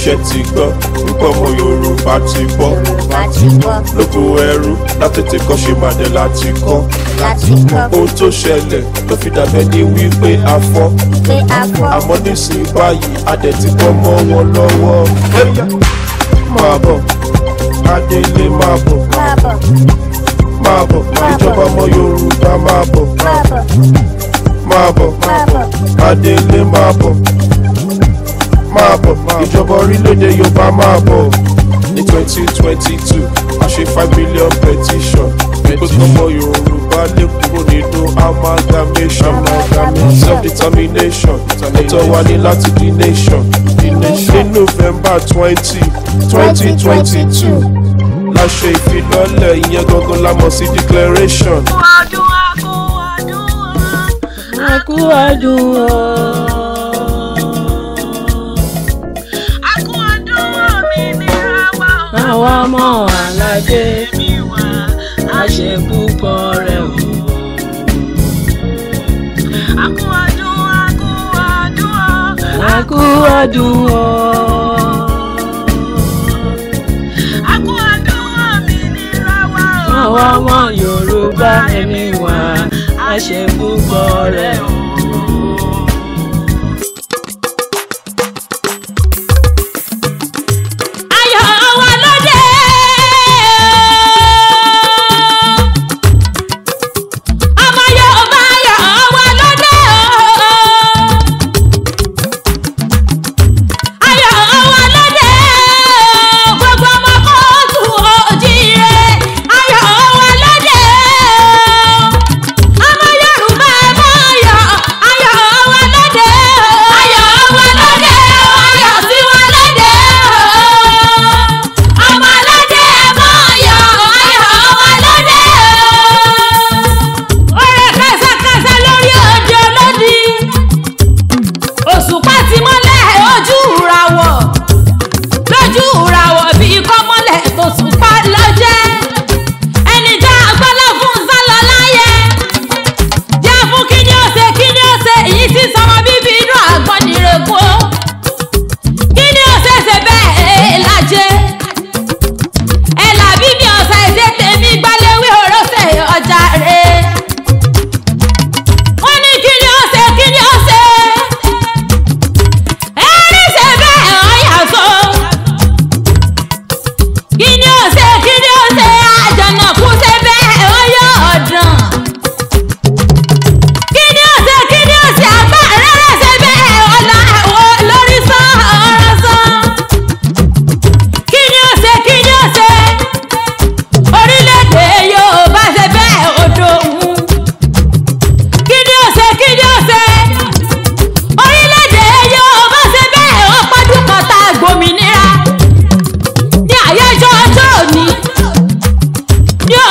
iṣẹ́ ti gbọ́ púpọ̀ ọmọ Yorùbá ti bọ́ lóko ẹrú látètè kọ́ ṣe màdé láti kọ́ ohun tó ṣẹlẹ̀ ló fi dàbẹ́ ní wípé afọ́ àmọ́ nísìnyí báyìí adẹ̀ ti bọ́ mọ́ wọn lọ́wọ́ máa bọ̀ adélé máa bọ̀ máa bọ̀ ìjọba ọmọ Yorùbá máa bọ̀ máa bọ̀ adélé máa bọ̀ máa bọ̀ ìjọba orílẹ̀-èdè Yorùbá máa bọ̀ ní twenty twenty two a ṣe five million petition pé tọmọ Yorùbá lè kúrò nínú amalgamation self determination ẹ̀tọ́ wa ní láti di nation ní November twenty twenty twenty two la ṣe ìfilọ́lẹ̀ ìyẹn gangan la mọ̀ sí declaration. àdúrà kò àdúrà àkú àdúrà. àwa mọ̀ àlàjé a ṣe púpọ̀ rẹ̀ o. Akú ọdún, akú ọdún o. Akú ọdún o. Akú ọdún òmìnira wa o. Yorùbá ẹni wà, a ṣe púpọ̀ rẹ̀ o.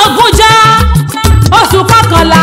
ògúnjọ́ oṣù kọkànlá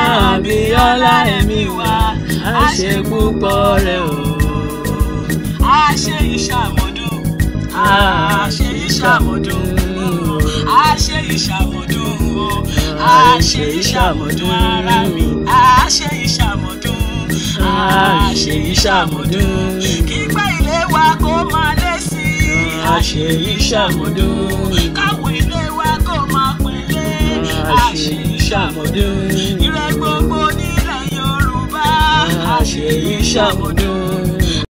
Abíọ́lá ẹ̀mí wa a ṣe púpọ̀ rẹ̀ o. a ṣe ìṣàmọ́dún a ṣe ìṣàmọ́dún a ṣe ìṣàmọ́dún a ṣe ìṣàmọ́dún ara mi a ṣe ìṣàmọ́dún a ṣe ìṣàmọ́dún kígbà ilé wa kó máa lé sí i a ṣe ìṣàmọ́dún káwọn ilé wa kó máa pẹ̀lẹ́ a ṣe ìṣàmọ́dún. ṣe iṣẹ́ àmọ́dún.